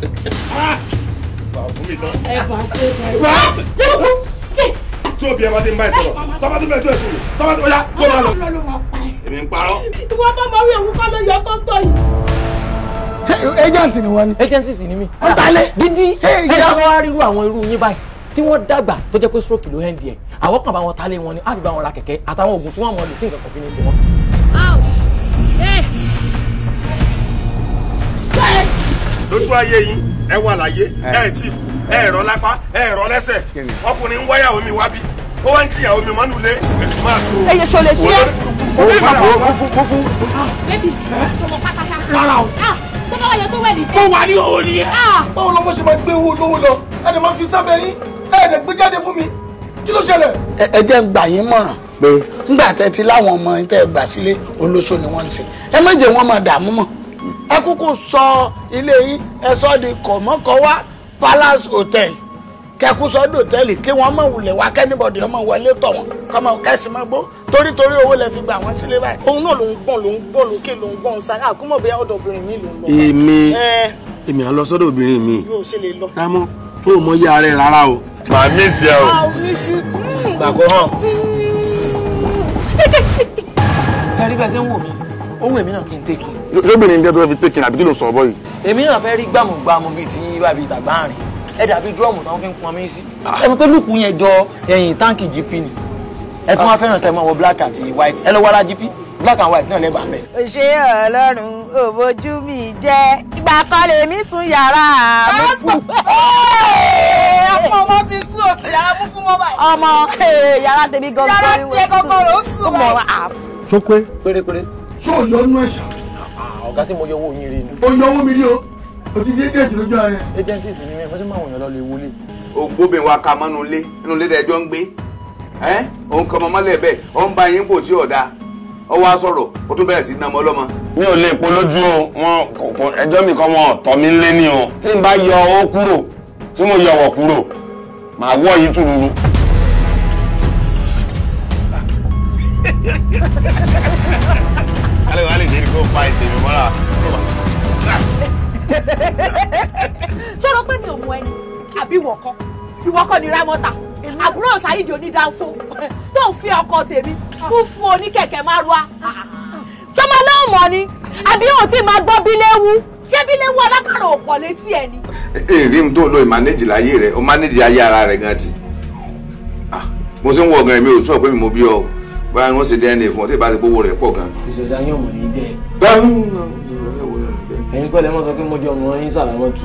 tí òbí ẹ bá ti ń bá ẹ sọ̀rọ̀ tọ́ba ti bẹ̀rẹ̀ tó ẹ̀sùn tọ́ba ti ọ̀yà kó máa lọ. èmi ń parọ́. ìwọ bá máa rí òun kọ́ ló yọ tó ń tọ́ yìí. agent ni wọ́n ni. agent sì ni mí. ó talẹ̀. gidi ẹ yà wọ́n wá rí irú àwọn irú yín báyìí tí wọ́n dàgbà tó jẹ́ pé stroke ló hẹ́ndì ẹ̀ àwọn kan bá wọn talé wọn ni á ti bá wọn ra kẹ̀kẹ́ àtàwọn oògùn tí wọ́n mọ̀ lò tí nǹkan kan fi ní í ṣe wọn. ojú ayé yín ẹ wà láyé ẹ tì ẹ rọ lápá ẹ rọ lẹ́sẹ̀ ọkùnrin ń wáyàwó mi wá bí ó wá ń tìyàwó mi mọ́nú lé ẹ̀sùn máa so ẹ̀yẹ ṣọlẹ̀ sí ẹ mo fún mo fún mo fún. Ah, bébì ọmọ pátákà. rárá o. Ah, tó bá wáyé tó wẹ̀ ní. mo wà ní òun ni. Ah. báwo lọmọ ṣe máa gbé owó lówó lọ ẹ dẹ̀ máa fi sábẹ́ yín ẹ dẹ̀ gbé jáde fún mi kí ló ṣẹlẹ̀. ẹ jẹ́ ń gbà yín mọ̀ràn pé ńgbà tẹ́ ti láwọn ọmọ tẹ́ gbà sílé olóṣó ni wọ́n ń ṣe ẹ má jẹ́ wọ́n máa dààmú mọ́ ẹ kúkú sọ ilé yín ẹ sọ di kọ̀mọ́kọ́wá palace hotel kẹkú sọdọ hòtẹ́ẹ̀lì kí wọ́n mọ̀ wulẹ̀ wá kẹ́nìbọ̀dì ọmọ wọlé tọ̀ wọn kọ́mọ kẹ́sì máa gbó torí torí owó lẹ fi gba àwọn sílé báyìí. òun náà ló ń gbọ́n ló ń gbọ́n lókè ló ń gbọ́n sáré àkúmọ̀ bóyá ọ̀dọ̀ obìnrin mi ló ń lọ. èmi èmi à ń obìnrin mi. rámọ tó o mọ yá rẹ rárá o. màá mí sí ẹ o. gbàgbọ́ hàn. sẹ́rí bẹ́ẹ̀ sẹ́ ń wò mí ohun èmi náà kí n tẹ́kì. ṣébìnrin ní tó fẹ́ fi tẹ́kì àbí kí ló sọ ọ bọ́yì. èmi náà fẹ́ rí gbàmùgbàmù bíi ti bàbí tàgbà rìn ẹ dàbí dúrọ́ọ̀mù táwọn fi ń pọnmi sí. Ah. ẹ mọ̀ pé lùkù yẹn jọ ẹ̀yìn táǹkì GP ni ẹ tún wá fẹ́ràn kẹ́ ẹ máa wọ black àti white ẹ lọ wá lá GP black and white náà lẹ́bàá mẹ́. òṣè ọlọ́run òbójú mi jẹ́ ìgbà kan lèmi sùn yàrá àmúfù. ọmọ ọmọ ti sún òsè yàrá mú fún mọ́bà. ọmọ yàrá tèmi gangan. yàrá tiẹ̀ gangan ló sùn báyìí. tó pé pérépéré ṣó o yọ nú ẹ̀ṣà. ọ̀gá tí mo yọ owó yín rí ni. o yọ owó mi rí o o ti dé déètì lójú ara yẹn. agencies ni mi fẹsẹ̀ máa wọ̀nyàn lọ lè wọlé. ògbóbìn wa ka mọ́nu ilé inú ilé dẹjọ́ ń gbé òun kan mọ́ mọ́lẹ̀ bẹ́ẹ̀ ó ń ba yín bò tí ọ̀dà ó wá sọ̀rọ̀ ó tún bẹ̀rẹ̀ sí ní ọmọ ọlọ́mọ. mi ò lè polójú wọn ẹjọ́ mi kan wọn tọ́ mi lé ní o tí n bá yọ owó kúrò tí mo yọ wọ̀ kúrò màá wọ̀ yìí tùrùrù. ìwọ kọ́ ni rámọ́ta àbúrò ṣáìdì onídàáfó tó ń fi ọkọ tèmi kú fún oníkẹ̀kẹ́ márùá tó máa náà mọ̀ ni àbí òun ti máa gbọ́ bíléwu ṣé bíléwu alákàrà ò pọ̀ létí ẹ̀ ni. èrè mi tó lo ìmánéjì láyé rẹ o mánéjì ayé ara rẹ gan ti ah, mo ti ń wọ ọgàn mi ò sọ pé mi mo bí ọ báyìí wọn ṣe dna fún ọ tí ìbá ti gbowó rẹ pọ̀ gan. ìṣèdá yóò mọ̀ ní jẹ́. ẹ̀yin kọ́lẹ̀ mọ́ sọ pé mo jọ mọ́ yín sàlámọ́ tù.